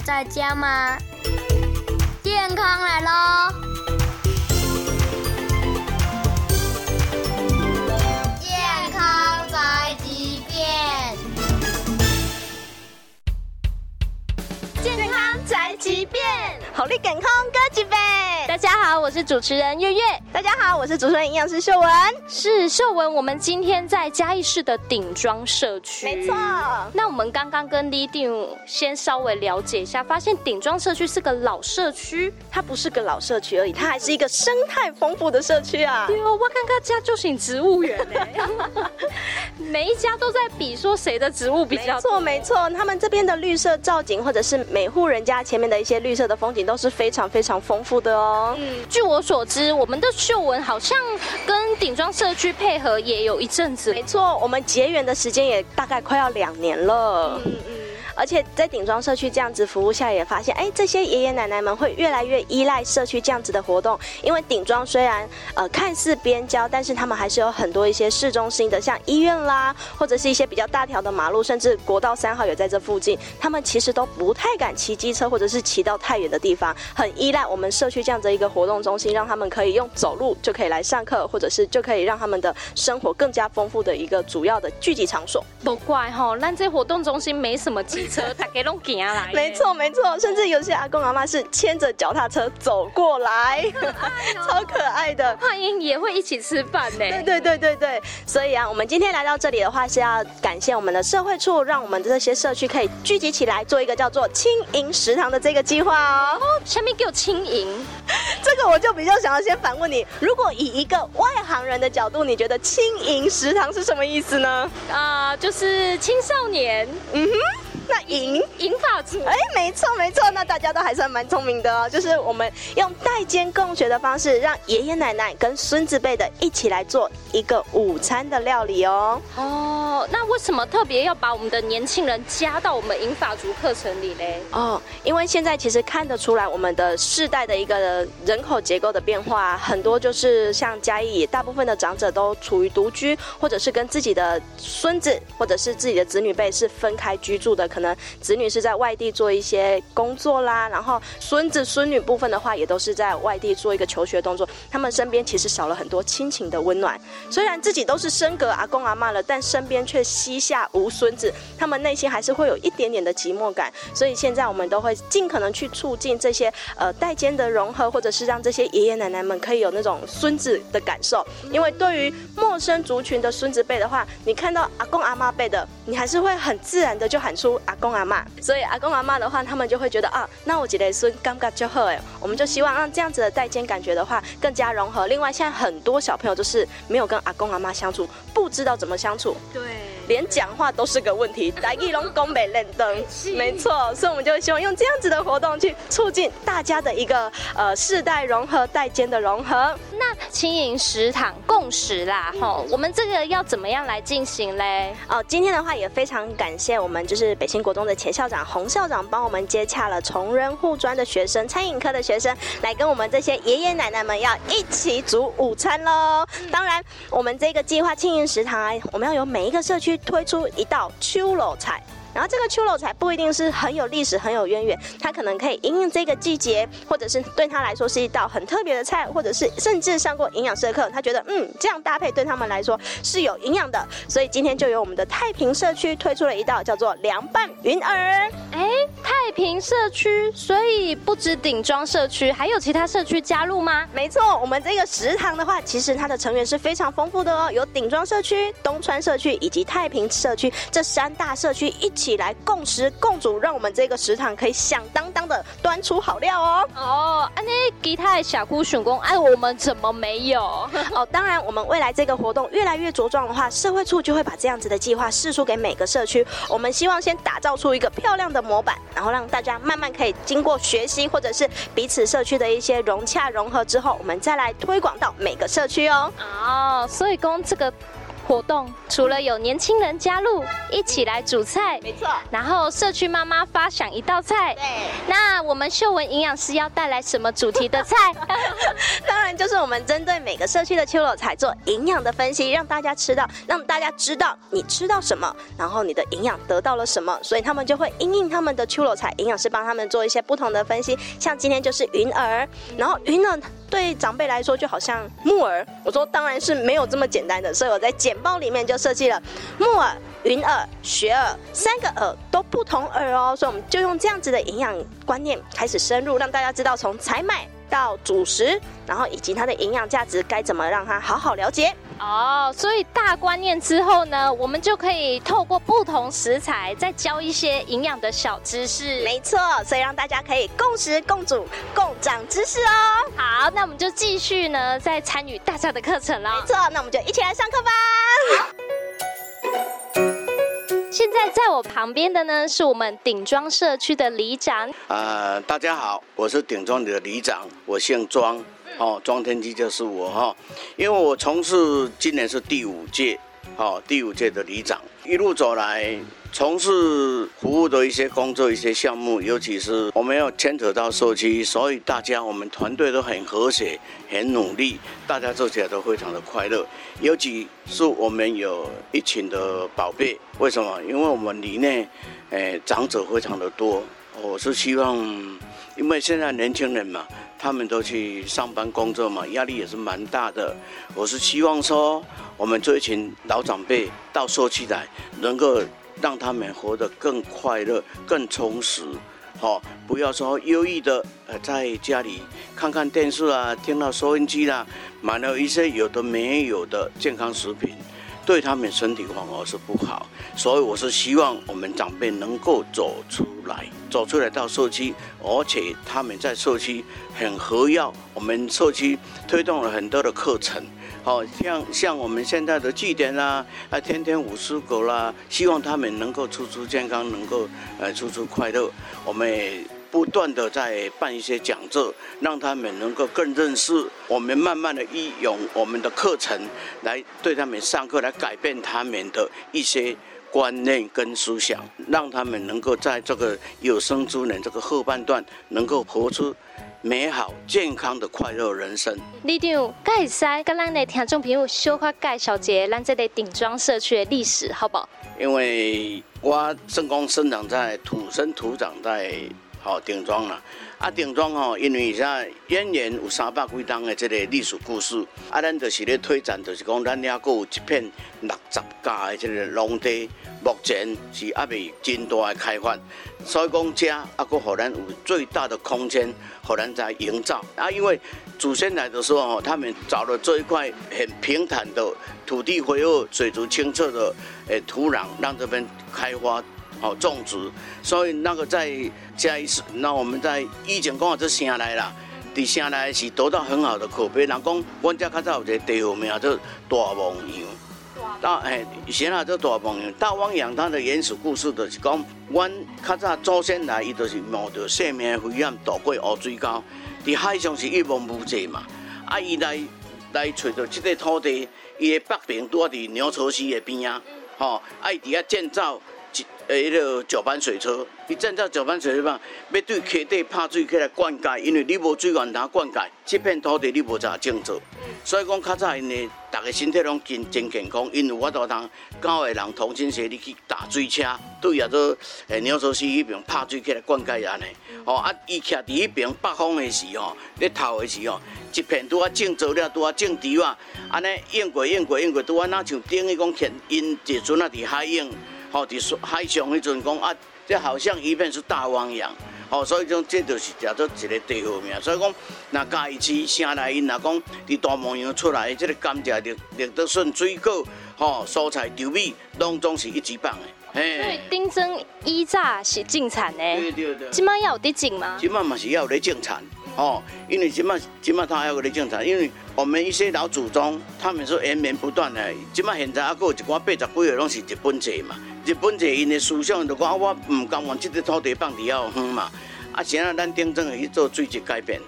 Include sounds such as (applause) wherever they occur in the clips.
在家嗎？健康來嘍！健康宅急便，健康宅急便。力更空歌幾杯。大家好，我是主持人月月。大家好，我是主持人營養師秀文。是秀文，我們今天在嘉義市的頂莊社區。沒錯錯。那我們剛剛跟 Lindy 先稍微了解一下，發現頂莊社區是個老社區，它不是個老社區而已，它還是一個生態豐富的社區啊。對哦，我看各家就是植物園嘞。 (laughs) 每一家都在比，說誰的植物比較多沒錯，沒錯。他們這邊的綠色造景，或者是每戶人家前面的一些綠色的風景都。都是非常非常豐富的哦。嗯，據我所知，我們的琇雯好像跟頂莊社區配合也有一陣子。沒錯，我們結緣的時間也大概快要兩年了。嗯嗯。嗯而且在頂莊社區這樣子服務下，也發現，哎、欸，這些爺爺奶奶們會越來越依賴社區這樣子的活動。因為頂莊雖然呃看似邊郊，但是他們還是有很多一些市中心的，像醫院啦，或者是一些比較大條的馬路，甚至國道三號也在這附近。他們其實都不太敢騎機車，或者是騎到太遠的地方，很依賴我們社區這樣子一個活動中心，讓他們可以用走路就可以來上課，或者是就可以讓他們的生活更加豐富的一個主要的聚集場所。不怪哈、哦，那這活動中心沒什麼機。大家都來沒錯沒錯，甚至有些阿公阿媽是牽着腳踏車走過來，好可愛喔，呵呵超可愛的。歡迎也會一起吃飯呢。對對對對對，所以啊，我們今天來到這裡的話，是要感謝我們的社會處，讓我們這些社區可以聚集起來，做一個叫做“青銀食堂”的這個計劃哦，哦。什麼叫青銀？這個我就比較想要先反問你：如果以一個外行人的角度，你覺得“青銀食堂”是什麼意思呢？啊、呃，就是青少年。嗯哼。那銀，銀髮族，哎，沒錯沒錯，那大家都還算蠻聰明的哦。就是我們用代間共學的方式，讓爺爺奶奶跟孫子輩的一起來做一個午餐的料理哦。哦，那為什麼特別要把我們的年輕人加到我們銀髮族課程裡呢？哦，因為現在其實看得出來，我們的世代的一個人口結構的變化，很多就是像嘉義，大部分的長者都處於獨居，或者是跟自己的孫子，或者是自己的子女輩是分開居住的。可能子女是在外地做一些工作啦，然後孫子孫女部分的話，也都是在外地做一個求學動作。他們身邊其實少了很多親情的溫暖。雖然自己都是升格阿公阿嬤了，但身邊卻膝下無孫子，他們內心還是會有一點點的寂寞感。所以現在我們都會盡可能去促進這些呃代間的融合，或者是讓這些爺爺奶奶們可以有那種孫子的感受。因為對於陌生族群的孫子輩的話，你看到阿公阿嬤輩的，你還是會很自然的就喊出。阿公阿嬤，所以阿公阿嬤的話，他們就會覺得啊，那我幾代孫尷尬就好哎。我們就希望讓這樣子的代間感覺的話更加融合。另外，現在很多小朋友就是沒有跟阿公阿嬤相處，不知道怎麼相處。對。連講話都是個問題，在藝龍宮北認燈。是沒錯，所以我們就希望用這樣子的活動去促進大家的一個呃世代融合、代間的融合。那輕盈食堂共識啦，吼、嗯，我們這個要怎麼樣來進行嘞？哦，今天的話也非常感謝我們就是北新國中的前校長、洪校長幫我們接洽了崇仁護專的學生、餐飲科的學生來跟我們這些爺爺奶奶們要一起煮午餐嘍。嗯、當然，我們這個計劃輕盈食堂、啊，我們要由每一個社區。推出一道秋葵菜。然後這個秋露菜，不一定是很有歷史、很有淵源，它可能可以因應這個季節，或者是對他來說是一道很特別的菜，或者是甚至上過營養社課，他覺得嗯，這樣搭配對他們來說是有營養的。所以今天就由我們的太平社區推出了一道叫做涼拌雲耳。哎、欸，太平社區，所以不止頂莊社區，還有其他社區加入嗎？沒錯，我們這個食堂的話，其實它的成員是非常豐富的哦，有頂莊社區、東川社區以及太平社區這三大社區一。起來，共食共煮，讓我們這個食堂可以響當當的端出好料！喔、哦！哦，安妮其他小姑選工，哎，我們怎麼沒有？哦，當然，我們未來這個活動越來越茁壯的話，社會處就會把這樣子的計劃釋出給每個社區。我們希望先打造出一個漂亮的模板，然後讓大家慢慢可以經過學習或者是彼此社區的一些融洽融合之後，我們再來推廣到每個社區哦、喔。哦，所以講這個。活動除了有年輕人加入，一起來煮菜，沒錯。然後社區媽媽發想一道菜，對。那我們琇雯營養師要帶來什麼主題的菜？ (laughs) 當然就是我們針對每個社區的手路菜做營養的分析，讓大家吃到，讓大家知道你吃到什麼，然後你的營養得到了什麼。所以他們就會因應他們的手路菜，營養師幫他們做一些不同的分析。像今天就是雲耳，然後雲耳對長輩來說，就好像木耳。我說當然是沒有這麼簡單的，所以我在簡報裡面就設計了木耳、雲耳、雪耳三個耳都不同耳哦，所以我們就用這樣子的營養觀念開始深入，讓大家知道從採買。到主食，然後以及它的營養價值該怎麼讓他好好了解哦，oh, 所以大觀念之後呢，我們就可以透過不同食材再教一些營養的小知識。沒錯，所以讓大家可以共食、共煮、共長知識哦。好，那我們就繼續呢，再參與大家的課程了。沒錯，那我們就一起來上課吧。現在在我旁邊的呢，是我們頂莊社區的里長。呃，大家好，我是頂莊的里長，我姓莊，哦，莊天基就是我哈、哦。因為我從事今年是第五屆，哦、第五屆的里長，一路走來。從事服務的一些工作，一些項目，尤其是我們要牽扯到社區，所以大家我們團隊都很和諧、很努力，大家做起來都非常的快樂。尤其是我們有一群的寶貝，為什麼？因為我們裡面誒長者非常的多。我是希望，因為現在年輕人嘛，他們都去上班工作嘛，壓力也是蠻大的。我是希望說，我們這一群老長輩到社區來，能夠。讓他們活得更快樂、更充實，好、哦，不要說憂鬱的，呃，在家裡看看電視啊，聽到收音機啦、啊，買了一些有的沒有的健康食品，對他們身體反而是不好。所以我是希望我們長輩能夠走出來。走出來到社區，而且他們在社區很活躍。我們社區推動了很多的課程，好、哦、像像我們現在的據點啦、啊，啊天天舞獅狗啦，希望他們能夠處處健康，能夠呃處處快樂。我們也不斷的在辦一些講座，讓他們能夠更認識我們，慢慢的運用我們的課程來對他們上課，來改變他們的一些。觀念跟思想，讓他們能夠在這個有生之年這個後半段，能夠活出美好、健康的快樂的人生。你有該使，跟咱來聽眾朋友，我稍微介紹一下咱這個頂莊社區的歷史，好不好？因為，我正光生長在土生土長在。好，頂莊啦，啊，頂莊吼，因為啥，淵源有三百幾冬的這個歷史故事，啊，咱就是咧推展，就是講咱也閣有一片六十家的這個農地，目前是還袂真大嘅開發，所以講這啊閣互咱有最大的空間，互咱在營造。啊，因為祖先來的時候他們找了這一塊很平坦的土地，肥沃、水質、清澈的誒土壤，讓這邊開花。好種植，所以那個在在那我們在以前講的做城內啦，在城內是得到很好的口碑。人講，阮只較早有一個地名做大王羊。大哎，先下做大王羊。欸、大王羊它的原始故事就是講，阮較早祖先來伊都是冒着生命危險渡過烏水溝，在海上是一望無際嘛。啊，伊來來找到這個土地，伊的北邊住佇牛稠溪的邊啊，吼，伊佇遐建造。一呃，迄個攪拌水車，伊站在攪拌水車嘛，要對溪底拍水起來灌溉，因為你無水源哪灌溉？即片土地你無啥種植，所以講較早因個，逐個身體攏真真健康，因為我都通教個人同心協力去打水車，對啊，做誒鳥洲西迄邊拍水起來灌溉安尼。哦啊，伊徛佇迄邊北方誒時哦，咧頭誒時哦，一片拄啊種植了，拄啊種植哇，安尼用過用過用過，拄啊若像頂伊講，因坐船啊佇海用。吼佇海上迄陣講啊，即好像一片是大汪洋吼、喔，所以講這就是叫做一個地號名。所以講，若那蓋市城內因若講，佇大汪洋出來即個甘蔗、綠綠豆筍、水果、喔、吼蔬菜、稻米，攏總是一級棒的。所以，頂莊伊早是種產嘞，即馬也有得種嗎？即馬嘛是要得種產吼、喔。因為即馬即馬他還有在種產，因為我們一些老祖宗，他們說延綿不斷的，即馬現在還有一寡八十幾個攏是日本制嘛。日本者因的思想，就講、啊：“我不甘願，即個土地放離阿遠嘛。啊，現在咱頂陣去做水質改變，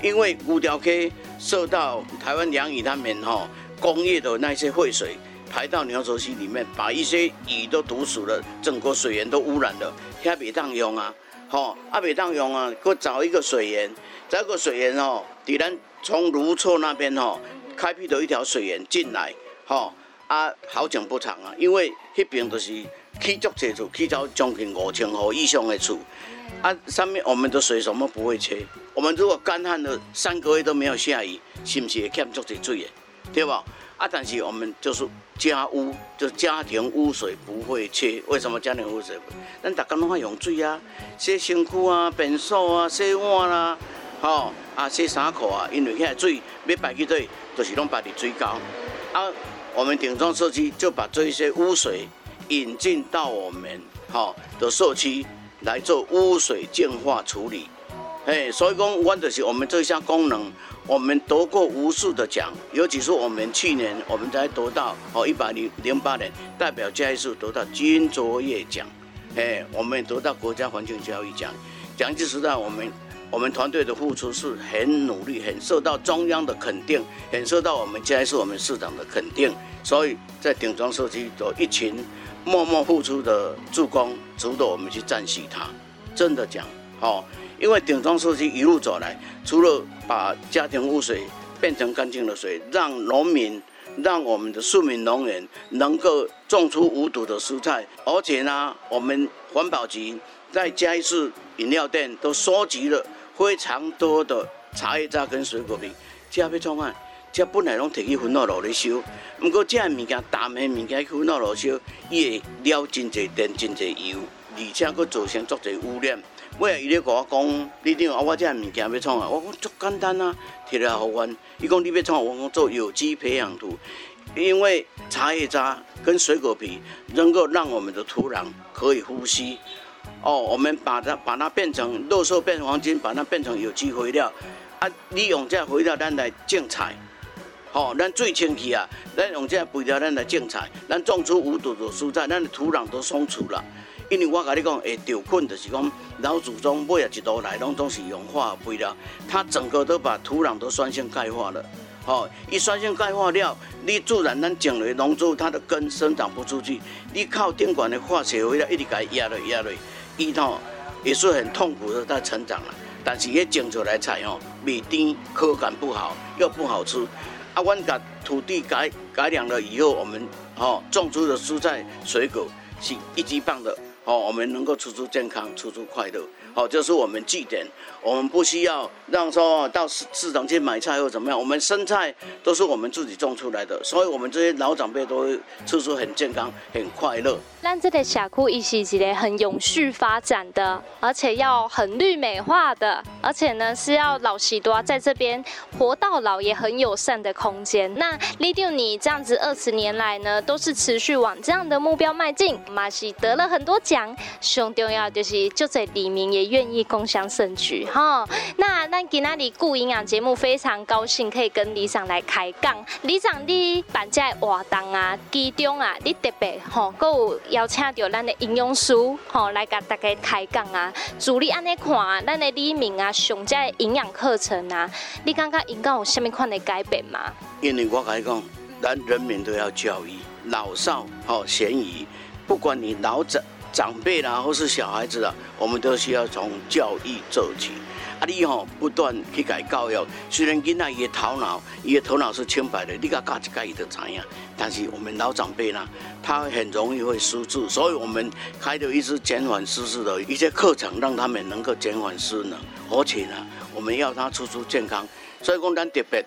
因為烏條溪受到台灣養雨，他們吼、喔、工業的那些廢水排到鳥巢溪裡面，把一些魚都毒死了，整個水源都污染了，遐袂當用啊，吼啊袂當用啊，過找一個水源，找個水源吼，佇咱從盧厝那邊吼、喔、開闢一條水源進來、喔，吼啊，好景不長啊，因為迄邊都是。去足濟厝，起到將近五千戶以上的厝，啊，上面我們的水什麼不會缺，我們如果乾旱了三個月都沒有下雨，是不是會欠足濟水的，對不？啊，但是我們就是家污就家庭污水不會缺，為什麼家庭污水？咱大家攏愛用水啊，洗身軀啊、便所啊、洗碗啊，吼、哦、啊、洗衫褲啊，因為遐水要排去，隊，就是攏排佇水溝。啊，我們頂莊社區就把這一些污水。引進到我們的社區來做污水淨化處理，所以講我就是我們這項功能，我們得過無數的獎，尤其是我們去年，我們才得到一百零八年代表嘉義市得到金卓越獎，我們得到國家環境教育獎。講句實在，我們我們團隊的付出是很努力，很受到中央的肯定，很受到我們嘉義市我們市長的肯定，所以在頂莊社區的一群。默默付出的助攻，值得我們去讚許他。真的講，好、哦，因為頂莊社區一路走來，除了把家庭污水變成乾淨的水，讓農民、讓我們的庶民農民能夠種出無毒的蔬菜，而且呢，我們環保局在嘉義市飲料店都收集了非常多的茶葉渣跟水果皮，加倍來賣。即本來攏摕去焚燒爐咧燒，不過即個物件，陳誒物件去焚燒爐燒，伊會了真儕電、真儕油，而且擱造成足儕污染。尾仔伊咧跟我講，你頂下我即個物件要創啊？我講足簡單啊，摕來復原。伊講你要創，我講做有機培養土，因為茶葉渣跟水果皮能夠讓我們的土壤可以呼吸。哦，我們把它把它變成綠色，變成黃金，把它變成有機肥料，啊，利用這肥料咱來種菜。吼、哦，咱最清氣啊！咱用這肥料，咱來種菜，咱種出無毒的蔬菜，咱的土壤都鬆土了。因為我跟你講，會掉菌就是講老祖宗每啊一來都來攏都是用化肥料，它整個都把土壤都酸性鈣化了。吼、哦，一酸性鈣化了，你自然咱種的農作物它的根生長不出去。你靠頂管的化學肥料一直給壓落壓落，伊它、哦、也是很痛苦的，它成長了，但是一種出來菜哦，味甜，口感不好，又不好吃。阿、啊、我們把土地改改良了以後，我們哦種出的蔬菜水果是一級棒的。哦，我們能夠吃出，出健康，吃出，出快樂，哦，就是我們祭典，我們不需要讓說到市市場去買菜或怎麼樣，我們生菜都是我們自己種出來的，所以，我們這些老長輩都吃出，出很健康，很快樂。讓這個社區伊是一個很永續發展的，而且要很綠美化的，而且呢是要老許多在這邊活到老也很友善的空間。那利丟，你這樣子二十年來呢，都是持續往這樣的目標邁進，馬西得了很多。講，非常重要，就是就在黎明也願意共享盛舉，吼。那咱今仔日 good 營養節目非常高興，可以跟李長來開講。李長，你辦這活動啊，集中啊，你特別吼，擱有邀請到咱的營養師吼、哦、來甲大家開講啊，助力安尼看咱的黎明啊，上這營養課程啊，你感覺營養有甚麼款的改變嗎？因為我開講，咱人民都要教育，老少好、哦，嫌疑不管你老者。長輩啦、啊，或是小孩子啊，我們都需要從教育做起。啊你、哦，你吼不斷去改教育，雖然囡仔伊個頭腦，伊個頭腦是清白的，你甲教一教他就知影。但是我們老長輩呢、啊，他很容易會失智，所以我們開了一支減緩失智的一些課程，讓他們能夠減緩失能，而且呢，我們要他處處健康。所以講，咱特別。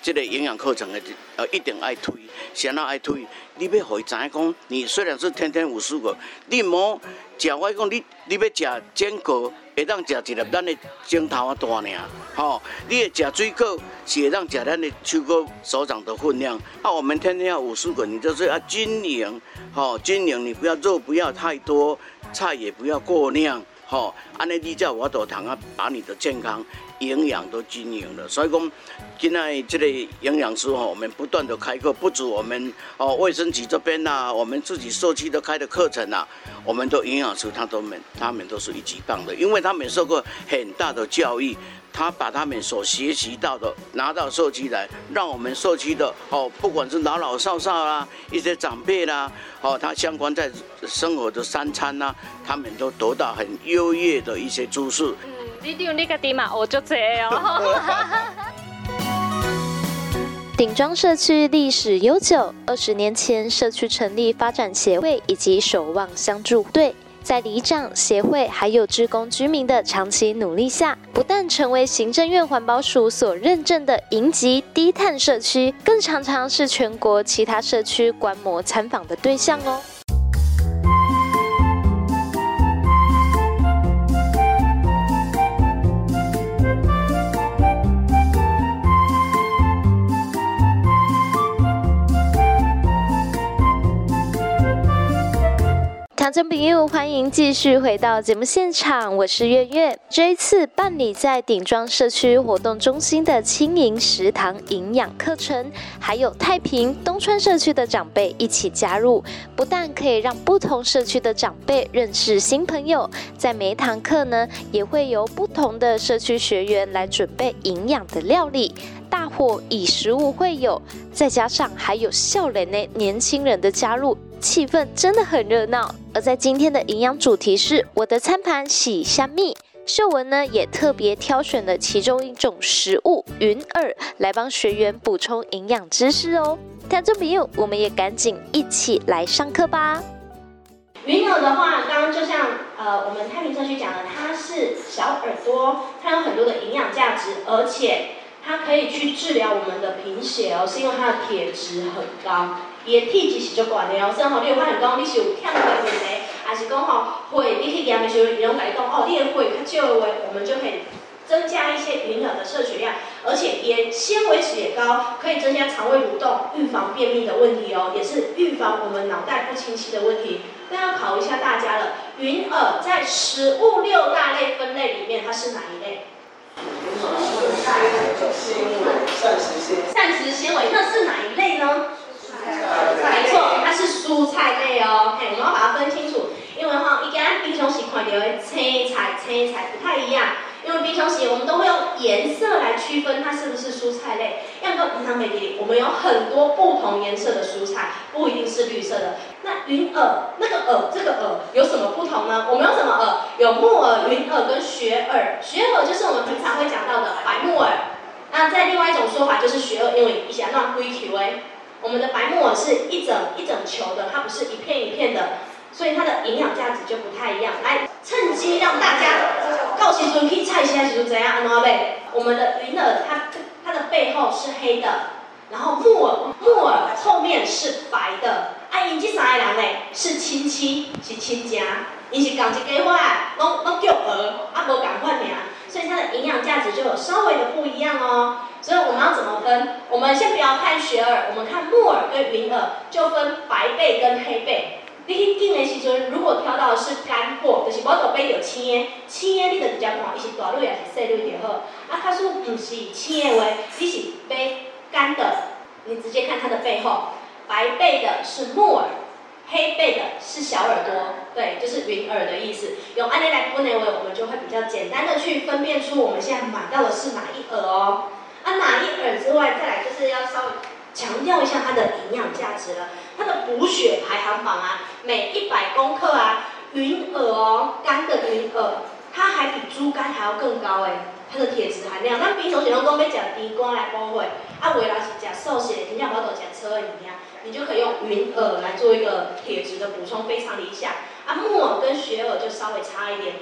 即個營養課程誒，呃，一定愛推，是安怎愛推。你要回想講，你雖然是天天五蔬果，你莫食我講，你你要食堅果，會當食一粒咱誒櫻桃啊大爾吼。你要食，哦、水果，是會當食咱誒手哥手掌的分量。那，啊、我們天天要五蔬果，你就是要均勻，吼，哦，均勻。你不要肉不要太多，菜也不要過量，吼，哦。安尼你才有法度通啊，把你的健康。營養都經營了，所以說現在這類營養師哈、哦，我們不斷的開課，不止我們哦，衛生局這邊吶、啊，我們自己社區都開的課程啊，我們的營養師他都們他們都是一級棒的，因為他們受過很大的教育，他把他們所學習到的拿到社區來，讓我們社區的哦，不管是老老少少啊，一些長輩啦，哦，他相關在生活的三餐吶、啊，他們都得到很優越的一些知識。低個我就頂莊社區歷史悠久，二十年前社區成立發展協會以及守望相助隊，在里長協會還有職工居民的長期努力下，不但成為行政院環保署所認證的銀級低碳社區，更常常是全國其他社區觀摩參訪的對象哦。真朋友，歡迎繼續回到節目現場，我是月月。這一次辦理在頂莊社區活動中心的青銀食堂營養課程，還有太平東川社區的長輩一起加入，不但可以讓不同社區的長輩認識新朋友，在每一堂課呢，也會由不同的社區學員來準備營養的料理。大夥以食物會友，再加上還有笑臉呢，年輕人的加入，氣氛真的很熱鬧。而在今天的營養主題是“我的餐盤是蝦密”，琇雯呢也特別挑選了其中一種食物——雲耳，來幫學員補充營養知識哦。聽眾朋友，我們也趕緊一起來上課吧。雲耳的話，剛剛就像呃，我們太平社區講的，它是小耳朵，它有很多的營養價值，而且。它可以去治療我們的貧血哦，是因為它的鐵質很高。鹽鐵是就管的哦，所以好，你有發現你是有嗆的面呢，還是講吼、哦，血你去驗的時候，醫生來哦，練會，它就會我們就可以增加一些雲耳的攝取量，而且鹽纖維質也高，可以增加腸胃蠕動，預防便秘的問題哦，也是預防我們腦袋不清晰的問題。那要考一下大家了，雲耳在食物六大類分類裡面，它是哪一類？膳食纖膳食纖維，膳食纖維那是哪一類呢、啊？沒錯，它是蔬菜類哦，OK，我們要把它分清楚，因為哈、哦，伊跟咱平常時看到的青菜、青菜不太一樣。因為平常時我們都會用顏色來區分它是不是蔬菜類，要不平常媒體我們有很多不同顏色的蔬菜，不一定是綠色的。那雲耳，那個耳，這個耳有什麼不同呢？我們有什麼耳？有木耳、雲耳跟雪耳。雪耳就是我們平常會講到的白木耳。那在另外一種說法就是雪耳，因為以前那歸體為，我們的白木耳是一整一整球的，它不是一片一片的，所以它的營養價值就不太一樣。來，趁機讓大家。到時你可以猜一下是，是怎樣，阿儂阿我們的雲耳它，它它的背後是黑的，然後木耳木耳後面是白的。啊，你這三個人嘞是親戚，是親家，你是共一家伙的，攏攏叫兒，啊無共法爾，所以它的營養價值就有稍微的不一樣哦。所以我們要怎麼分？我們先不要看雪耳，我們看木耳跟雲耳，就分白背跟黑背。你去訂的時陣，如果挑到的是乾貨，就是無得背有青的，青的你就直接看，它是大綠還是小綠就好。啊，假使不是青的為，就是背乾的，你直接看它的背後，白背的是木耳，黑背的是小耳朵，對，就是雲耳的意思。用安利來分認為，我們就會比較簡單的去分辨出我們現在買到的是哪一耳哦。啊，哪一耳之外，再來就是要稍微。強調一下它的營養價值了，它的補血排行榜啊，每一百公克啊，雲耳哦，乾的雲耳，它還比豬肝還要更高誒、欸，它的鐵質含量。咱平常時攏都要食豬肝來補血，啊，未來是食瘦肉，天也無多車菜的，你啊，你就可以用雲耳來做一個鐵質的補充，非常理想。啊，木耳跟雪耳就稍微差一點。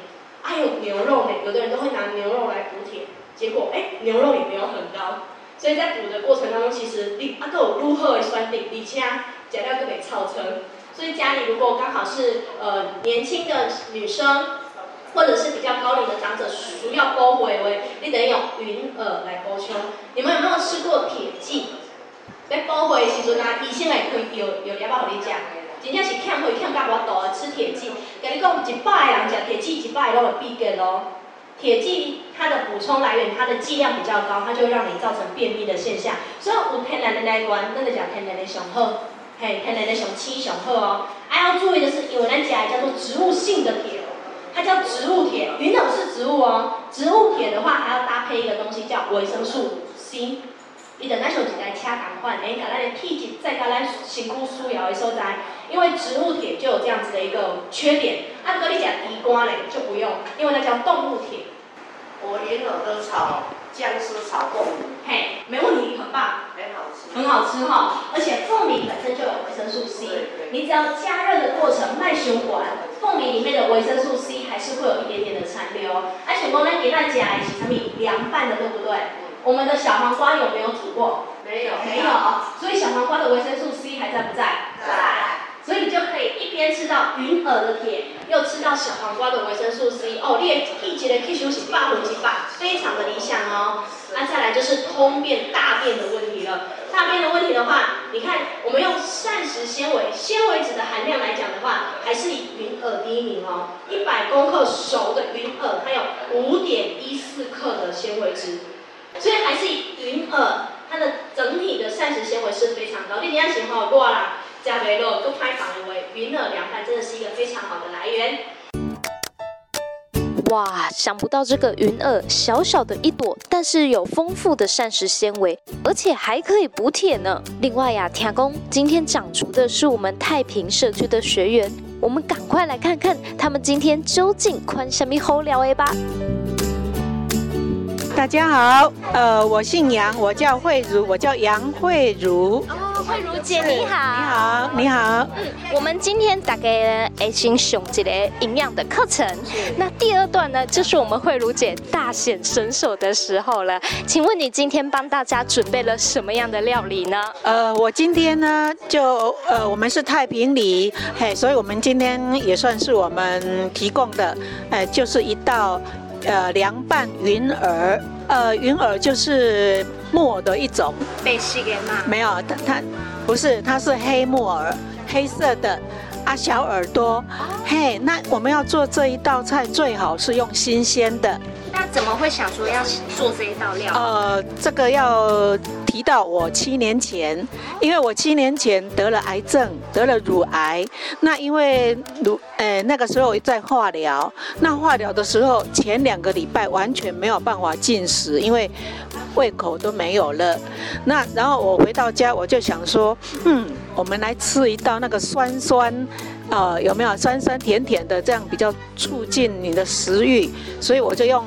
還、啊、有牛肉、欸，每個人都會拿牛肉來補鐵，結果誒、欸，牛肉也沒有很高。所以在補的過程當中，其實你阿個如何選擇，而且食料都袂造成。所以家裡如果剛好是呃年輕的女生，或者是比較高齡的長者，需要補血的話，你得用雲耳來補充。你們有沒有吃過鐵劑？要補血誒時陣啊，醫生會開藥藥粒包給你食，真正是欠血欠甲我度誒，吃鐵劑。甲你講，一百人食鐵劑一百人攏會閉結咯，鐵劑。它的補充來源，它的劑量比較高，它就會讓你造成便秘的現象。所以補鐵男的那一關，真的講，鐵男的雄喝，嘿，鐵男的熊七雄喝哦。還、啊、要注意的是，有人講叫做植物性的鐵，它叫植物鐵，雲豆是植物哦。植物鐵的話，還要搭配一個東西叫維生素 C。你欸、的等於像只在恰糖塊，哎，噶咱的鐵只在噶它辛苦輸藥的所在，因為植物鐵就有這樣子的一個缺點。按、啊、哥你講，地瓜嘞就不用，因為那叫動物鐵。我蓮藕都炒，薑絲炒過。嘿，沒問題，很棒，很好吃，很好吃哈、哦。而且鳳梨本身就有維生素 C，對對對，你只要加熱的過程慢循環，鳳梨裡面的維生素 C 還是會有一點點的殘留。而且我們給大家一起什麼涼拌的，對不對？對，我們的小黃瓜有沒有煮過？沒有，沒有，沒有，所以小黃瓜的維生素 C 還在不在？在、啊。所以你就可以一邊吃到雲耳的鐵，又吃到小黃瓜的維生素 C，哦，你一一級的 K 值，又是八五級，非常的理想哦。那、啊、再來就是通便大便的問題了。大便的問題的話，你看我們用膳食纖維纖維質的含量來講的話，還是以雲耳第一名哦。一百公克熟的雲耳它，有五點一四克的纖維質，所以還是以雲耳它的整體的膳食纖維是非常高。那你要喜好過啦雲耳涼拌真的是一個非常好的來源。哇，想不到這個雲耳，小小的一朵，但是有豐富的膳食纖維，而且還可以補鐵呢。另外呀、啊，天工今天長出的是我們太平社區的學員，我們趕快來看看他們今天究竟寬什麼好料 A 吧。大家好，呃，我姓楊，我叫慧茹，我叫楊慧茹。慧茹姐，你，你好，你好，你好。嗯，我們今天大概呢已經上一個營養的課程。是那第二段呢，就是我們慧茹姐大顯身手的時候了。請問你今天幫大家準備了什麼樣的料理呢？呃，我今天呢，就呃，我們是太平里，嘿，所以我們今天也算是我們提供的，呃，就是一道。呃，涼拌雲耳，呃，雲耳就是木耳的一種。被戲給罵。沒有，它它不是，它是黑木耳，黑色的啊，小耳朵。哦、嘿，那我們要做這一道菜，最好是用新鮮的。他怎麼會想說要做這一道料啊？呃，這個要提到我七年前，因為我七年前得了癌症，得了乳癌。那因為乳，呃，那個時候我在化療。那化療的時候，前兩個禮拜完全沒有辦法進食，因為胃口都沒有了。那然後我回到家，我就想說，嗯，我們來吃一道那個酸酸。啊、哦，有沒有酸酸甜甜的這樣比較促進你的食慾？所以我就用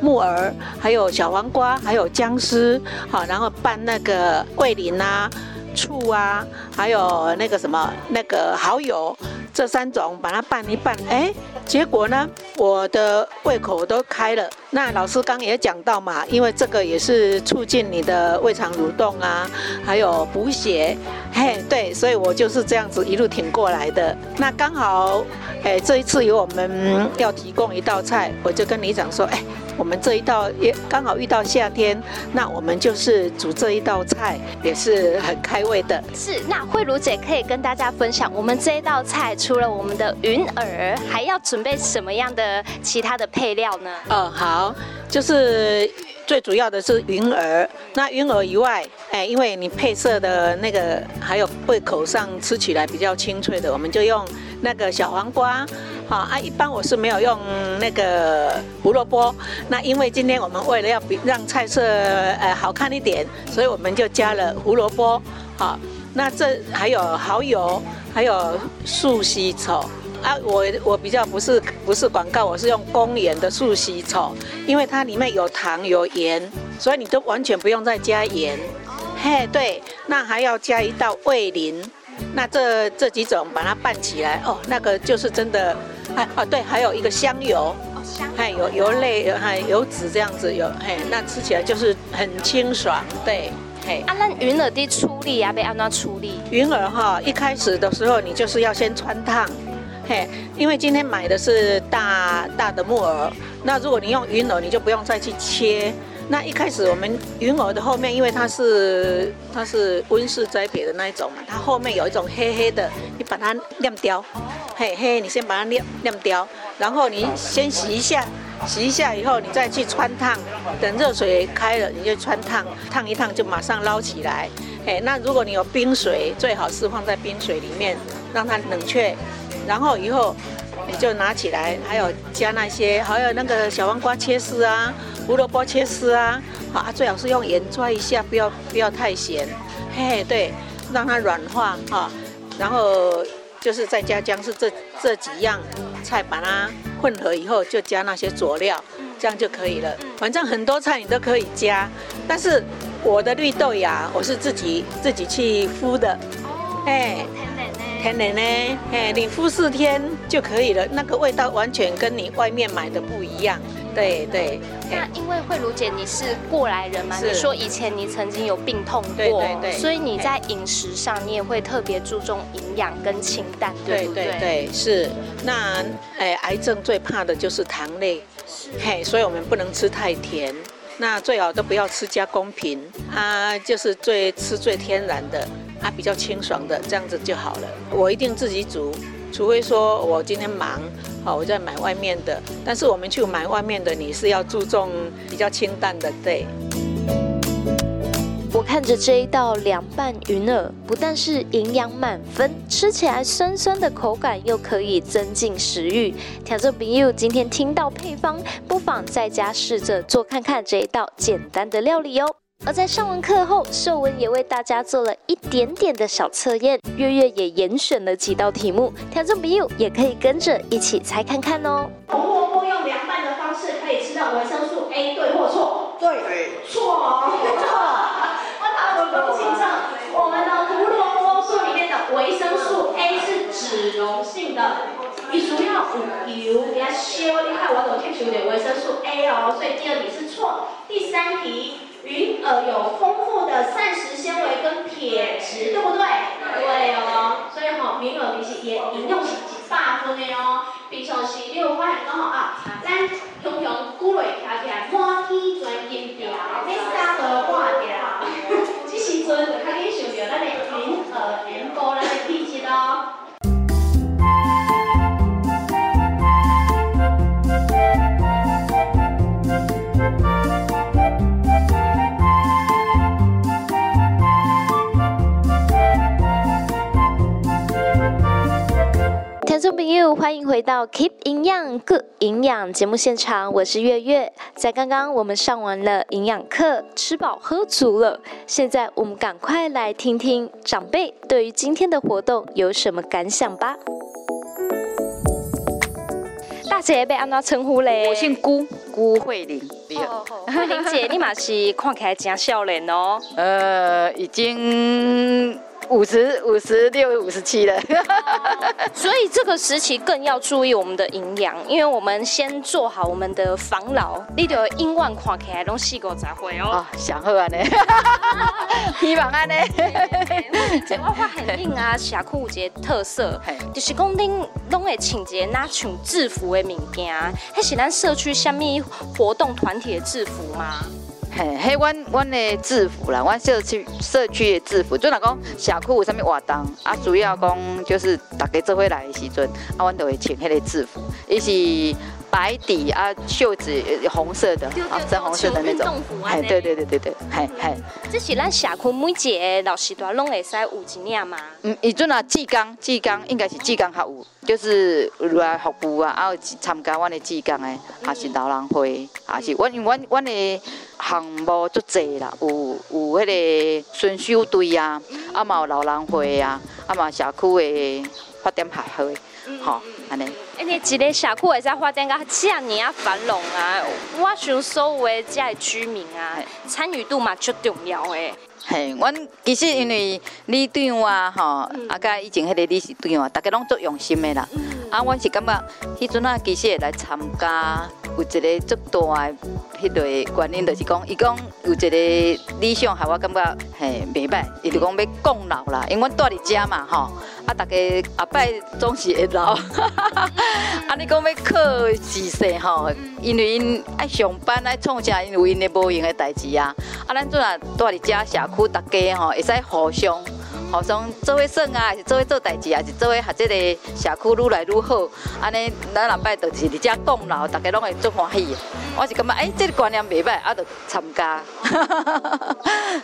木耳，還有小黃瓜，還有薑絲，好、哦，然後拌那個桂林啊醋啊，還有那個什麼那個蠔油。這三種把它拌一拌，哎，結果呢，我的胃口都開了。那老師剛也講到嘛，因為這個也是促進你的胃腸蠕動啊，還有補血，嘿，對，所以我就是這樣子一路挺過來的。那剛好，哎，這一次有我們要提供一道菜，我就跟你講說，哎，我們這一道也剛好遇到夏天，那我們就是煮這一道菜也是很開胃的。是，那慧茹姐可以跟大家分享我們這一道菜。除了我們的雲耳，還要準備什麼樣的其他的配料呢？哦，好，就是最主要的是雲耳。那雲耳以外，哎，因為你配色的那個還有胃口上吃起來比較清脆的，我們就用那個小黃瓜。好、哦、啊，一般我是沒有用那個胡蘿蔔。那因為今天我們為了要比讓菜色呃好看一點，所以我們就加了胡蘿蔔。好、哦，那這還有蠔油。還有素西草，啊，我我比較不是不是廣告，我是用公園的素西草，因為它裡面有糖有鹽，所以你都完全不用再加鹽。嘿，對，那還要加一道味淋，那這這幾種把它拌起來，哦，那個就是真的，啊，啊，對，還有一個香油，還有油類還、啊、有籽這樣子有嘿，那吃起來就是很清爽，對。啊，那雲耳的處理啊，被安怎處理？雲耳哈，一開始的時候你就是要先汆燙，嘿，因為今天買的是大大的木耳，那如果你用雲耳，你就不用再去切。那一開始我們雲耳的後面，因為它是它是溫室栽培的那一種嘛，它後面有一種黑黑的，你把它晾掉。嘿嘿，你先把它晾晾掉，然後你先洗一下。洗一下以後，你再去汆燙，等熱水開了你就汆燙，燙一燙就馬上撈起來。誒，那如果你有冰水，最好是放在冰水裡面讓它冷卻，然後以後你就拿起來，還有加那些，還有那個小黃瓜切絲啊，胡蘿蔔切絲啊，好啊，最好是用鹽抓一下，不要不要太鹹。嘿，對，讓它軟化哈，然後就是再加薑絲這這幾樣菜板啊。混合以後就加那些佐料，這樣就可以了。反正很多菜你都可以加，但是我的綠豆芽我是自己自己去敷的。哎，天然的，天然的，哎，你敷四天就可以了，那個味道完全跟你外面買的不一樣。對對，對，那因為慧茹姐你是過來人嘛，是你說以前你曾經有病痛過，對，對、對，所以你在飲食上你也會特別注重營養跟清淡，對不對？對、對、對，是。那哎，癌症最怕的就是糖類，是嘿，所以我們不能吃太甜，那最好都不要吃加工品啊，就是最吃最天然的啊，比較清爽的這樣子就好了。我一定自己煮。除非說我今天忙，好，我在買外面的。但是我們去買外面的，你是要注重比較清淡的，對。我看着這一道涼拌雲耳，不但是營養滿分，吃起來酸酸的口感又可以增進食慾。聽眾朋友今天聽到配方，不妨在家試着做看看這一道簡單的料理哦。而在上完課後，琇雯也為大家做了一點點的小測驗，月月也嚴選了幾道題目，聽眾朋友也可以跟着一起猜看看哦。胡蘿蔔用涼拌的方式可以吃到維生素 A，對或錯？對。A、錯、哦。錯。我答的都清，我們的胡蘿蔔素裡面的維生素 A 是脂溶性的，你需要補油，給它修。你看我昨天吃有點維生素 A 哦，所以第二題是錯。第三題。雲耳有豐富的膳食纖維跟鐵質，對不對？對哦，所以吼，雲耳平時也飲用是幾霸分的哦。平常時你有發現講吼啊，咱常常攰累，起來滿天全金條，你啥都無得，即時陣就可以想到咱的雲耳，播了歡迎回到 Keep In Young Good 營養節目現場，我是月月。在剛剛我們上完了營養課，吃飽喝足了。現在我們趕快來聽聽長輩對於今天的活動有什麼感想吧。大姐被安怎稱呼嘞？我姓辜，辜慧玲。慧玲、oh, oh, oh. (laughs) 姐你馬是看起來少年哦。呃，已經。五十五十六五十七了、喔，所以這個時期更要注意我們的營養，因為我們先做好我們的防老，你就永遠看起來攏四五十歲哦、喔。喔、啊，上好安尼，希望安尼、喔嗯欸。這番話很硬啊，俠客舞節特色，嘿嘿就是講恁攏會請些那種制服的物件啊還是咱社區什麼活動團體的制服嗎？嘿，我我嘞制服啦，我社區社區的制服，就那講，社區有啥物活動啊，主要講就是大家做回來的時陣，啊，我都會穿迄個制服，伊是白底啊，袖子紅色的對對對啊，深紅色的那種，哎，對對對對對，係係、嗯。嗯、這是咱社區每一個老師都攏會使有一領嗎？嗯，伊陣啊，志工志工，嗯、應該是志工也有。就是來服務啊，還有參加我的志工的也是老人會，也是我、我、我的項目足儕啦，有有迄個巡守隊啊，啊嘛、嗯、有老人會啊，啊嘛、嗯、社區的發展協會嗯，吼安尼。誒，你一個社區會使發展到這樣尼啊繁榮啊，我想所有誒遮居民啊，參與、嗯、度嘛足重要的。嘿，阮其實因為你對我吼，啊，甲以前迄個你是對我，大家攏足用心的啦。啊，阮是感覺迄陣啊，其實會來參加有一個足大的迄個原因，就是講，伊講有一個理想，害我感覺嘿明白，伊就講要功老啦，因為阮住佇遮嘛吼，啊，大家後擺總是會老，啊，你講要靠自身吼，因為愛上班愛創啥，因為無閒的代志啊，啊，咱陣啊住佇遮社大家吼，會使互相、互相做伙耍啊，還是做伙做代志，啊，是做伙學這個社區愈來愈好。安尼，咱兩拜就是佇遮共勞，大家攏會足歡喜。我是感覺，哎，這個觀念未歹，啊，就參加。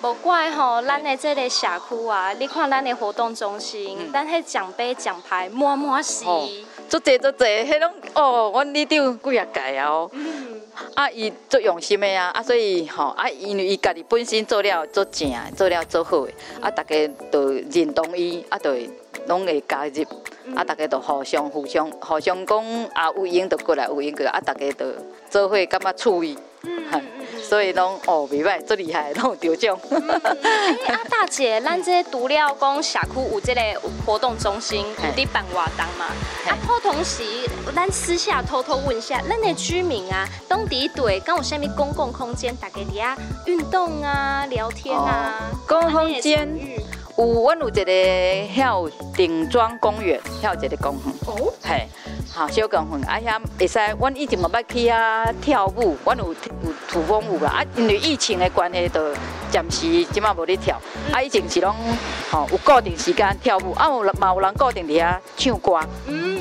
無、哦、 (laughs) 怪吼、哦，對咱的這個社區啊，你看咱的活動中心，嗯、咱遐獎杯獎牌，滿滿是。哦足儕足儕，迄種哦，阮李總幾啊屆啊哦，嗯、啊伊足用心的啊，啊所以吼啊，因為伊家己本身做了做正，做了足好的，嗯、啊大家就認同伊，啊就攏會加入，嗯、啊大家就互相互相互相講啊有閒就過來，有閒過來，啊大家就做伙感覺趣味。嗯。嗯所以講，哦，明白，最厲害，攏有得獎。哈哈哈，大姐，咱 (laughs) 這些獨料講社區有這個活動中心有，有以辦活動嘛。啊，好。同時，咱私下偷偷問一下，咱、嗯、的居民啊，當地對講有啥物公共空間，大家底下運動啊、聊天啊？哦、公共空間有，有有一個、嗯、有頂莊公園，有一個公園，嘿、哦。哈，小公園，啊，遐會使，阮以前無捌去遐跳舞，阮有有，有土風舞啦，啊，因為疫情的關係，都暫時即馬無咧跳，啊以前是攏，吼、哦、有固定時間跳舞，啊有嘛有人固定佇遐唱歌，嘿、嗯，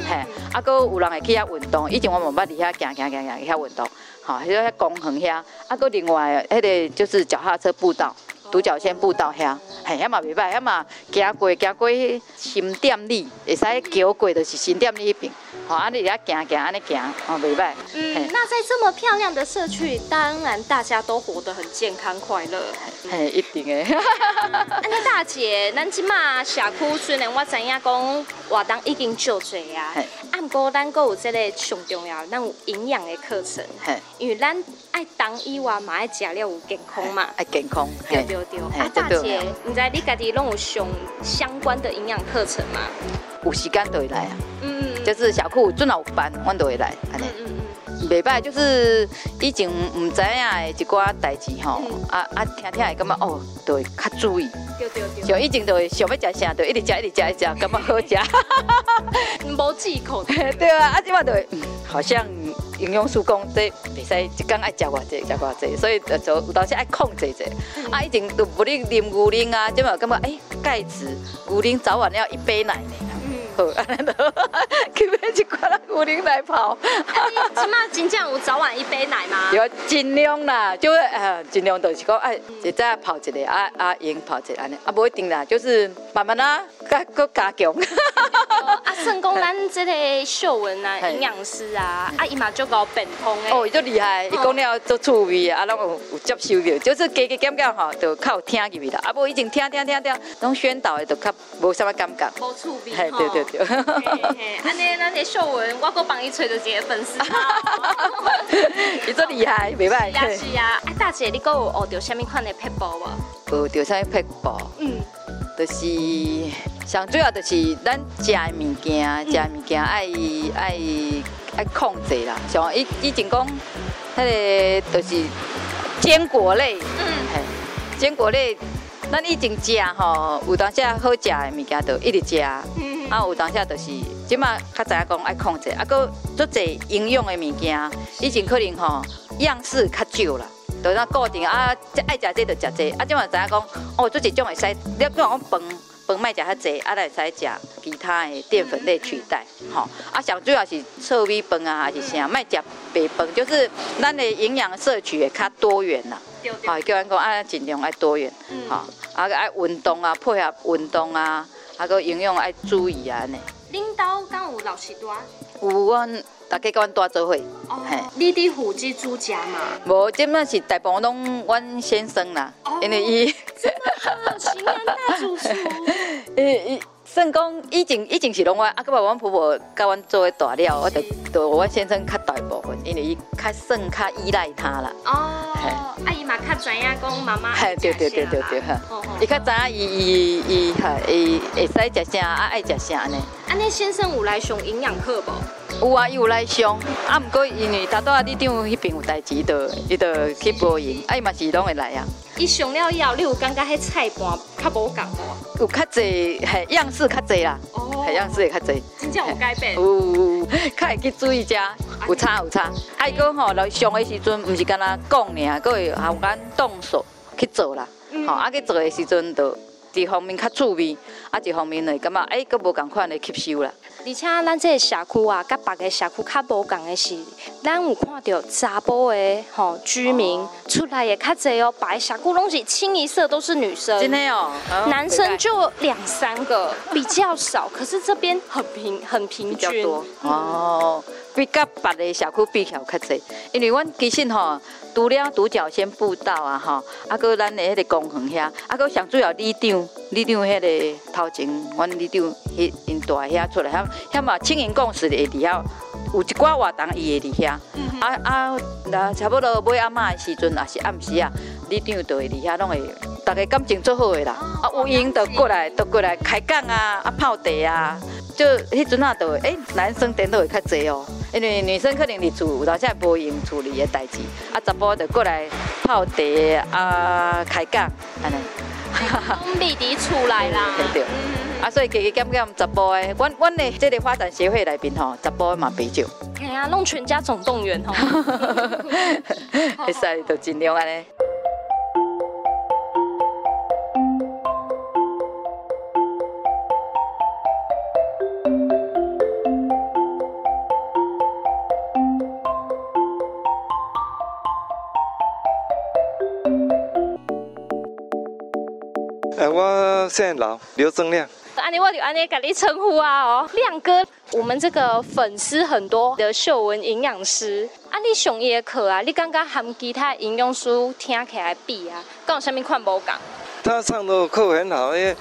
啊，佫有，有人會去遐運動，以前我們無捌佇遐行行行行去遐運動，吼，迄個公園遐，啊，佫另外迄個就是腳踏車步道。獨角仙步道下，哎呀嘛未歹，呀嘛行過行過新店里，會使過過就是新店里迄邊，好，安你啊行行安尼行，哦未歹。嗯，那在這麼漂亮的社區，當然大家都活得很健康快樂。嘿，一定的。啊，那大姐，咱即馬社區雖然我知道講，活動已經有這個上重要，咱有營養的課程，因為咱。愛當伊話嘛，愛食了有健康嘛，愛健康，對，對對對，對。啊大姐，對毋知你家己攏有上相關的營養課程嗎、嗯？有時間都會來啊。嗯，嗯，嗯就是小區有陣了有班，我都會來。安尼。嗯嗯嗯。袂歹，就是以前唔知影的一寡代志吼，啊啊聽聽會感覺哦，都會較注意。對對對，對。像以前都會想要食啥，都一直食一直食一直食，感覺好食。哈哈哈！無忌口，對啊，啊，即話都會、嗯。好像。營養師講，即袂使一天愛食外濟，食外濟，所以就有當時愛控制一下，一下，嗯、啊，啊，一定都無哩啉牛奶啊，即嘛感覺誒，鈣質，牛奶早晚要一杯奶。嗯，好，啊，安尼都。去買一罐牛奶來泡。即嘛、啊、真正有早晚一杯奶嗎？有盡、啊、量啦，就是盡、啊、量就是講哎，一、啊、早、嗯、泡一個，啊、嗯、啊晚泡一個，安尼啊無一定啦，就是慢慢啦、啊，各各加強。加加啊！算講，咱這個秀文啊，營養師啊，啊，伊嘛就搞變通哎。哦，伊就厲害，伊講了做趣味啊，咱有有接受着，就是加加減減吼，就靠聽味道了。啊，無以前聽聽聽聽，攏宣導的，就較無啥物感覺。無趣味，對對對。嘿，嘿，啊，你那些秀文，我擱幫你揣着幾個粉絲啦。伊就厲害，袂歹。是啊，是啊，哎，大姐，你擱有學着什麼款的撇步無？有學着啥撇步？嗯，就是。最主要就是咱食誒物件，食誒物件愛愛愛控制啦。像以以前講，迄、那個就是堅果類，嗯，堅果類，咱以前食吼，有當下好食誒物件就一直食，啊，有當下就是即賣較知影講愛控制，啊，擱足儕營養誒物件，以前可能吼樣式較少啦，就咱固定啊，愛食這就食這，啊，即賣、這個啊、知影講哦，足儕種會使，你講講飯。飯賣食較濟，啊來使食其他的澱粉類取代，吼、嗯嗯、啊上主要是糙米飯啊，還是啥賣食白飯，就是咱的營養攝取會較多元啦、啊嗯啊。啊，叫人講啊儘量愛多元，哈、嗯、啊愛運動啊配合運動啊，啊擱營養愛注意啊呢。領導敢有老師多？有我大家跟阮多做伙。哦。嘿對，你滴戶籍住家嘛？無，今嘛是大部分攏阮先生啦，哦、因為伊。呃，算講以前以前是攏我，啊，個嘛，我婆婆教我做誒大料，是我着，着我先生較大部分，因為伊較算較依賴他啦。哦。阿姨嘛較知影講媽媽愛食啥，對對對對對。哦哦好。伊對較知影伊伊伊嚇，伊會使食啥啊？愛食啥呢？安尼先生有來上營養課無？有啊，伊有來上。啊，不過因為大多阿弟丈迄邊有代志的，伊得去保養，哎嘛是攏會來啊。伊上了以後，你有感覺迄菜盤較無共無？有較儕，嘿、欸、樣式較儕啦，嘿、哦欸、樣式也較儕。真正有改變。欸、有，可以去注意一下。有差有差。啊，伊個吼來上的時陣，唔是干那講爾，佫會含咱動手去做啦。好、嗯，啊去做的時陣，就一方面較趣味，啊一方面呢，感覺哎佫無同款的吸收啦。而且咱這個社區啊，跟別的社區較無同的是，咱有看到查甫的吼居民出來也較儕哦，白社區攏是清一色都是女生，真的哦。男生就兩三個，比較少。 (laughs) 可是這邊很平，很平均比較多哦，比甲別的社區比較比較儕，因為阮其實吼。除了獨角仙步道啊，吼，啊，擱咱的迄個公園遐，啊，擱上主要里長，里長迄個頭前，阮里長因大遐出來，遐遐嘛青雲共識的里遐，有一寡活動伊會在那裡遐，嗯、哼啊啊，差不多尾暗暝的時陣啊，是暗時啊，里長都會里遐，攏會，大家感情最好誒啦，哦、啊，有閒就過來，就過來開講啊，啊泡茶啊，就迄陣啊，就、欸、誒，男生顛倒會較儕哦。因為女生可能佇厝，有些無閒處理的代志，啊，查埔就過來泡茶啊，開講，安尼，哈哈。我們弟弟出來啦，對嗯，對對對嗯啊，所以自己兼兼查埔的，阮阮誒即個發展協會內邊吼，查埔嘛比較，哎呀、啊，弄全家總動員吼、喔，哈會使就盡量安尼。哎，我姓劉，劉正亮。安尼我就安尼甲你稱呼啊，哦，亮哥。我們這個粉絲很多的秀文營養師。啊，你上伊個課啊，你感覺含其他營養師聽起來比啊，有啥物款無共？他上的課很好，伊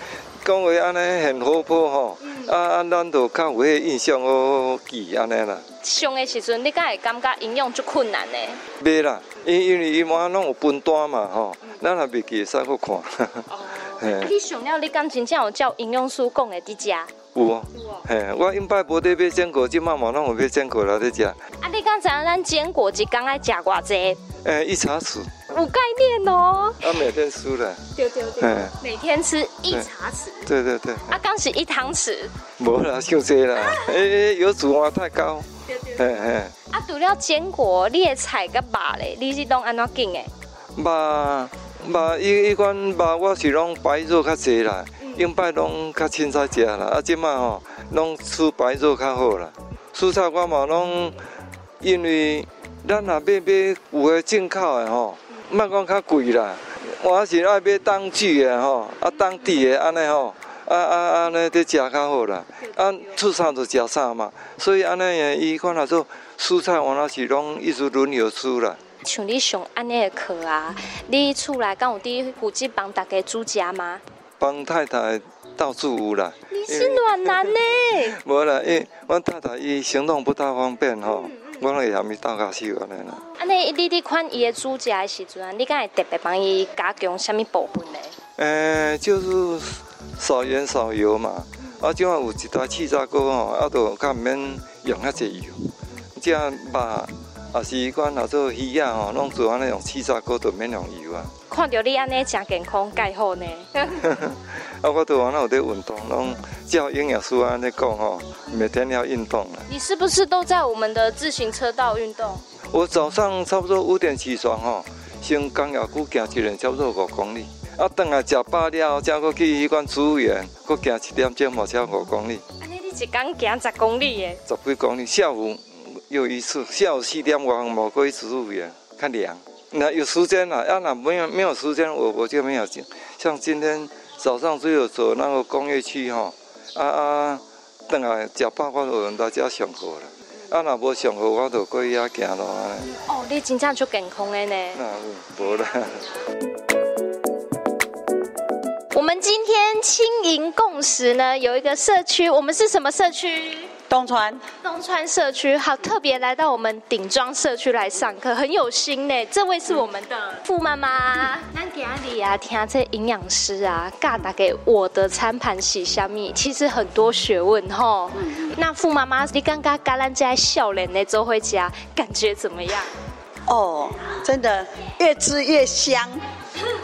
講話安尼很活潑吼、喔嗯啊。啊，咱就較有迄印象哦，記安尼啦。上個時陣，你敢會感覺營養足困難呢？袂啦，因為因為伊媽攏有分段嘛吼，咱也袂記會使閣看。哦。你上了你剛真正有教營養師講的在吃？有哦，嘿，我因擺無得買堅果，即賣無攏有買堅果了在吃。啊，你剛才那堅果一天來加寡者？誒，一茶匙。有概念哦。啊，每天吃了。對對對。每天吃一茶匙。對對對。啊，剛是一湯匙。無啦，太儕啦，誒，油脂量太高。對對對。誒誒。啊，除了堅果，你嘅菜個肉嘞，你是當安怎揀誒？肉。肉伊伊款肉我是攏白肉較濟啦，往擺攏較凊彩食啦，啊即擺吼攏吃白肉較好啦，蔬菜我嘛攏因為咱若買買有的進口的吼，莫講較貴啦，我是愛買當季當地的吼，啊當地的安尼吼，啊啊安尼的食較好啦，啊，出啥就食啥嘛，所以安尼伊款阿做蔬菜我那是攏一直輪流出啦。像你上安尼的課啊，你厝內敢有佇？負責幫大家煮食嗎？幫太太到處有啦。你是暖男呢？無啦，伊，阮太太伊行動不大方便吼，嗯嗯、我會啥物倒家燒安尼啦。啊，那你你看伊的煮食的時陣，你敢會特別幫伊加強啥物部分呢？呃、欸，就是少鹽少油嘛，啊，今晚有一台氣炸鍋哦，啊，都較免用遐濟油，只把。啊，是習慣啊，做魚啊，吼，攏做完那用氣炸鍋都免用油啊。看着你安尼正健康，蓋好呢。 (laughs) (laughs) 啊，我做完那有得運動，攏叫營養師啊在講吼，每天要運動了。啊、你是不是都在我們的自行車道運動？我早上差不多五點起床吼，先江雅谷行一差不多五公里，啊，等下食飽了，再過去迄款植物園，再行一點鐘無超過五公里。安尼、啊，你一天行十公里誒？十幾公里，下午。有一次下午四點，我摸過去植物園，看涼。那有時間啦、啊，啊那沒有沒有時間，我我就沒有。像今天早上只有走那個工業區哈，啊啊，等下吃飽飯後大家上課了，啊那不上課，我就可以啊走路啊。哦，你經常出健康的呢？那無啦。我們今天經營共識呢，有一個社區，我們是什麼社區？東川，東川社區好特別，來到我們頂莊社區來上課，很有心呢。這位是我們的傅媽媽，咱家裡啊聽這營養師啊，教咱給我的餐盤是蝦密，其實很多學問哈。嗯、那傅媽媽，你剛剛剛來這笑臉呢，做回家感覺怎麼樣？哦，真的越吃越香，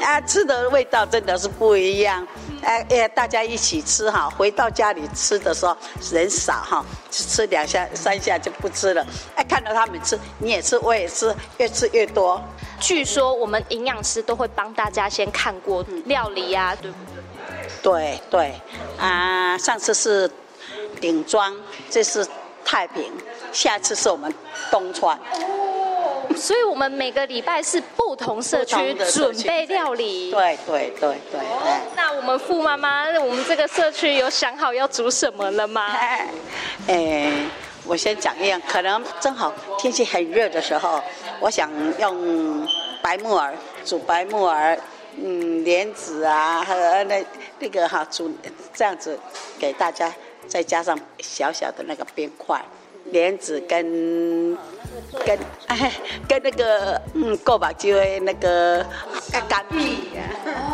啊，吃的味道真的是不一樣。哎哎，大家一起吃哈，回到家裡吃的時候人少哈，就吃兩下三下就不吃了。哎，看到他們吃，你也吃，我也吃，越吃越多。據說我們營養師都會幫大家先看過料理呀、啊，對對，對啊、呃，上次是頂莊，這是太平，下次是我們東川。所以，我們每個禮拜是不同社區準備料理。對，對對對對。哦、來那我們傅媽媽，我們這個社區有想好要煮什麼了嗎？哎、 (laughs) 欸，我先講一樣，可能正好天氣很熱的時候，我想用白木耳煮白木耳，嗯，蓮子啊，和那個、那個哈、啊、煮這樣子，給大家再加上小小的那個冰塊。蓮子跟跟哎跟那個嗯，夠吧，就會那個乾乾皮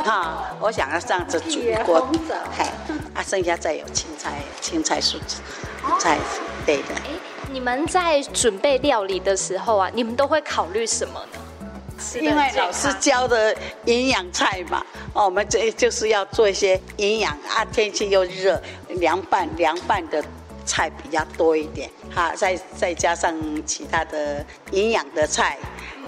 哈，我想要這樣子煮鍋，啊哎啊，剩下再有青菜青菜素子，啊、菜，對的。哎，你們在準備料理的時候啊，你們都會考慮什麼呢？因為老師教的營養菜嘛，哦，我們這就是要做一些營養啊，天氣又熱，涼拌涼拌的。菜比較多一點，哈、啊，再再加上其他的營養的菜，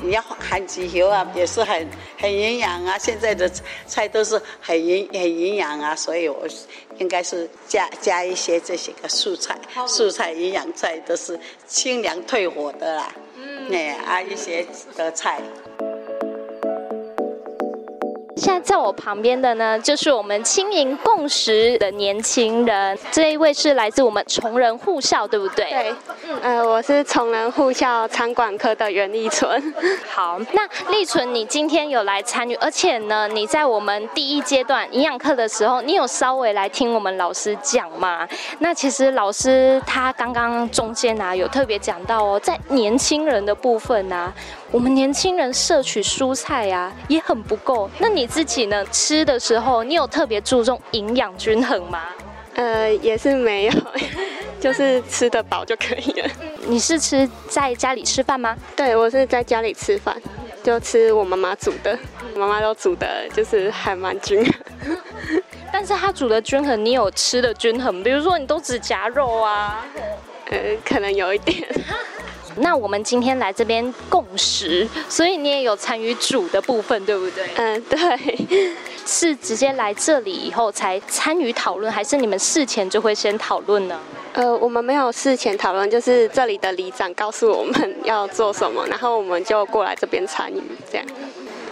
你要含幾油啊，也是很很營養啊。現在的菜都是很營很營養啊，所以我應該是加加一些這些個素菜，吧素菜、營養菜都是清涼退火的啦，那、嗯、啊一些的菜。現在在我旁邊的呢，就是我們輕盈共識的年輕人。這一位是來自我們崇仁護校，對不對？對，嗯、呃，我是崇仁護校餐管科的袁立純。好，那立純，你今天有來參與，而且呢，你在我們第一階段營養課的時候，你有稍微來聽我們老師講嗎？那其實老師他剛剛中間啊，有特別講到哦，在年輕人的部分啊。我們年輕人攝取蔬菜呀、啊、也很不夠，那你自己呢？吃的時候你有特別注重營養均衡嗎？呃，也是沒有，就是吃得飽就可以了。你是吃在家裡吃飯嗎？對，我是在家裡吃飯，就吃我媽媽煮的，我媽媽都煮的，就是還蠻均衡。但是她煮的均衡，你有吃的均衡？比如說你都只夾肉啊？呃，可能有一點。那我們今天來這邊共識，所以你也有參與煮的部分，對不對？嗯，對，是直接來這裡以後才參與討論，還是你們事前就會先討論呢？呃，我們沒有事前討論，就是這裡的里長告訴我們要做什麼，然後我們就過來這邊參與，這樣。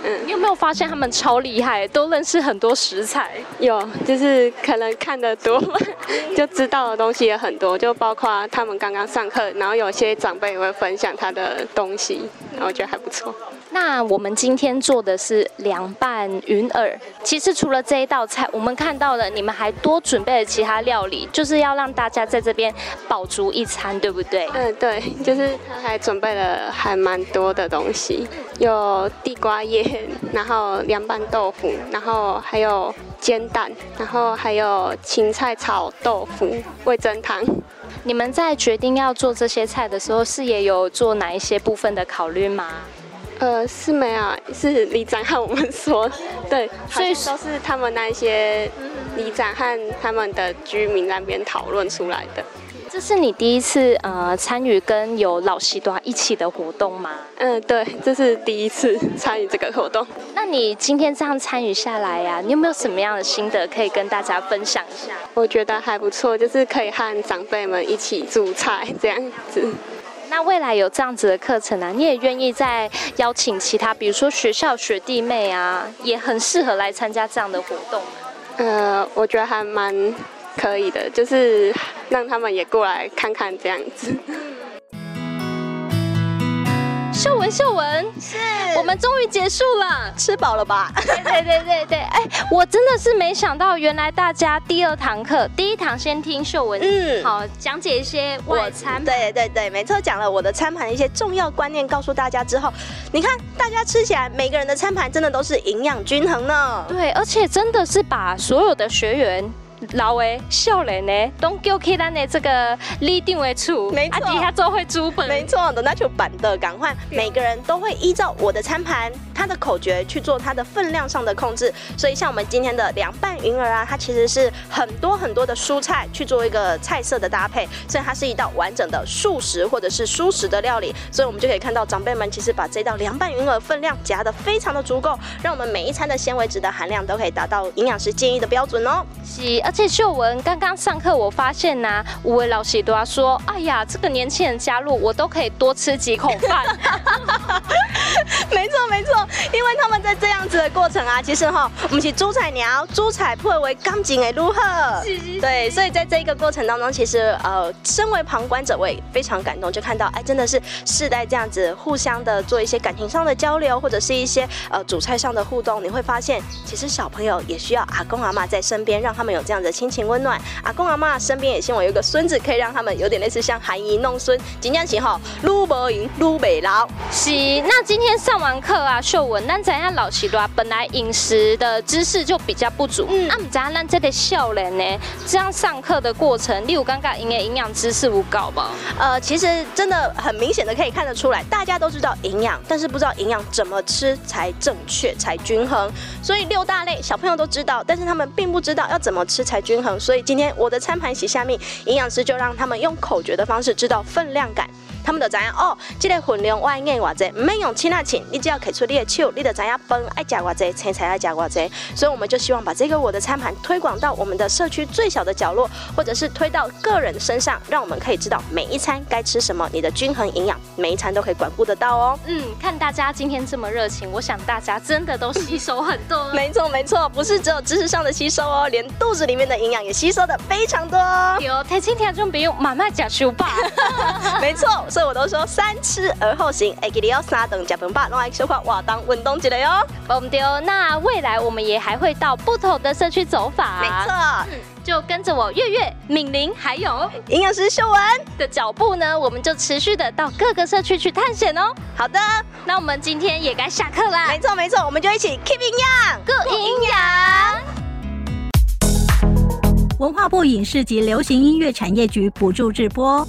嗯，你有沒有發現他們超厲害，都認識很多食材？有，就是可能看得多， (laughs) 就知道的東西也很多，就包括他們剛剛上課，然後有些長輩也會分享他的東西，然後我覺得還不錯。嗯，那我們今天做的是涼拌雲耳。其實除了這一道菜，我們看到了你們還多準備了其他料理，就是要讓大家在這邊飽足一餐，對不對？嗯，對，就是他還準備了還蠻多的東西，有地瓜葉。然後涼拌豆腐，然後還有煎蛋，然後還有芹菜炒豆腐、味噌湯。你們在決定要做這些菜的時候，是也有做哪一些部分的考慮嗎？呃，是沒有，是里長和我們說，對，所以都是他們那些里長和他們的居民那邊討論出來的。這是你第一次呃參與跟有老西多一起的活動嗎？嗯、呃，對，這是第一次參與這個活動。那你今天這樣參與下來呀、啊，你有沒有什麼樣的心得可以跟大家分享一下？我覺得還不錯，就是可以和長輩們一起煮菜這樣子。那未來有這樣子的課程啊，你也願意再邀請其他，比如說學校學弟妹啊，也很適合來參加這樣的活動、啊。呃，我覺得還蠻。可以的，就是讓他們也過來看看這樣子。秀文，秀文，是，我們終於結束了，吃飽了吧？對，對對對對，哎、 (laughs) 欸，我真的是沒想到，原來大家第二堂課，第一堂先聽秀文，嗯，好，講解一些我的餐盤。對對對，沒錯，講了我的餐盤一些重要觀念，告訴大家之後，你看大家吃起來，每個人的餐盤真的都是營養均衡呢。對，而且真的是把所有的學員。老的、少人的，都交給咱的這個領隊的廚，沒錯啊，底他做會煮飯。沒錯的，那就板的，趕快對，每個人都會依照我的餐盤，它的口訣去做它的分量上的控制。所以像我們今天的涼拌雲耳啊，它其實是很多很多的蔬菜去做一個菜色的搭配，所以它是一道完整的素食或者是蔬食的料理。所以我們就可以看到長輩們其實把這道涼拌雲耳分量夾得非常的足夠，讓我們每一餐的纖維質的含量都可以達到營養師建議的標準哦。是，謝秀文剛剛上課，我發現呢、啊，五位老師都啊說：“哎呀，這個年輕人加入，我都可以多吃幾口飯。” (laughs) 沒錯，沒錯，因為他們在這樣子的過程啊，其實哈、哦，我們起豬彩鳥、豬彩破為剛進的如何？對，所以在這一個過程當中，其實呃，身為旁觀者，我也非常感動，就看到哎，真的是世代這樣子互相的做一些感情上的交流，或者是一些呃主菜上的互動，你會發現，其實小朋友也需要阿公阿媽在身邊，讓他們有這樣的親情溫暖，阿公阿媽身邊也希望有一個孫子，可以讓他們有點類似像含飴弄孫。今天起好，盧不贏，盧美老。是。那今天上完課啊，秀文，那咱家老師啊，本來飲食的知識就比較不足。嗯。那、啊、我們怎樣這個笑臉呢？這樣上課的過程，例如剛剛營養營養知識五搞吧。呃，其實真的很明顯的可以看得出來，大家都知道營養，但是不知道營養怎麼吃才正確，才均衡。所以六大類小朋友都知道，但是他們並不知道要怎麼吃才。均衡，所以今天我的餐盤係蝦密，營養師就讓他們用口訣的方式知道分量感。他們就知道哦，這個分量我愛吃，唔用錢啊錢，你只要給出你的手，你就知道分愛吃我這青菜愛吃我這，所以我們就希望把這個我的餐盤推廣到我們的社區最小的角落，或者是推到個人身上，讓我們可以知道每一餐該吃什麼，你的均衡營養每一餐都可以管顧得到哦。嗯，看大家今天這麼熱情，我想大家真的都吸收很多。 (laughs) 沒錯沒錯，不是只有知識上的吸收哦，連肚子裡面的營養也吸收得非常多。有太輕體重，別用媽媽教書吧沒錯。這我都說三思而後行，哎，給你要三等加分吧，弄來一句話當穩當起來喲。那未來我們也還會到不同的社區走訪。沒錯、嗯，就跟着我月月、敏玲還有營養師琇雯的腳步呢，我們就持續的到各個社區去探險哦。好的，那我們今天也該下課啦。沒錯沒錯，我們就一起 keep in young 營養，good 營養。營養文化部影視及流行音樂產業局補助直播。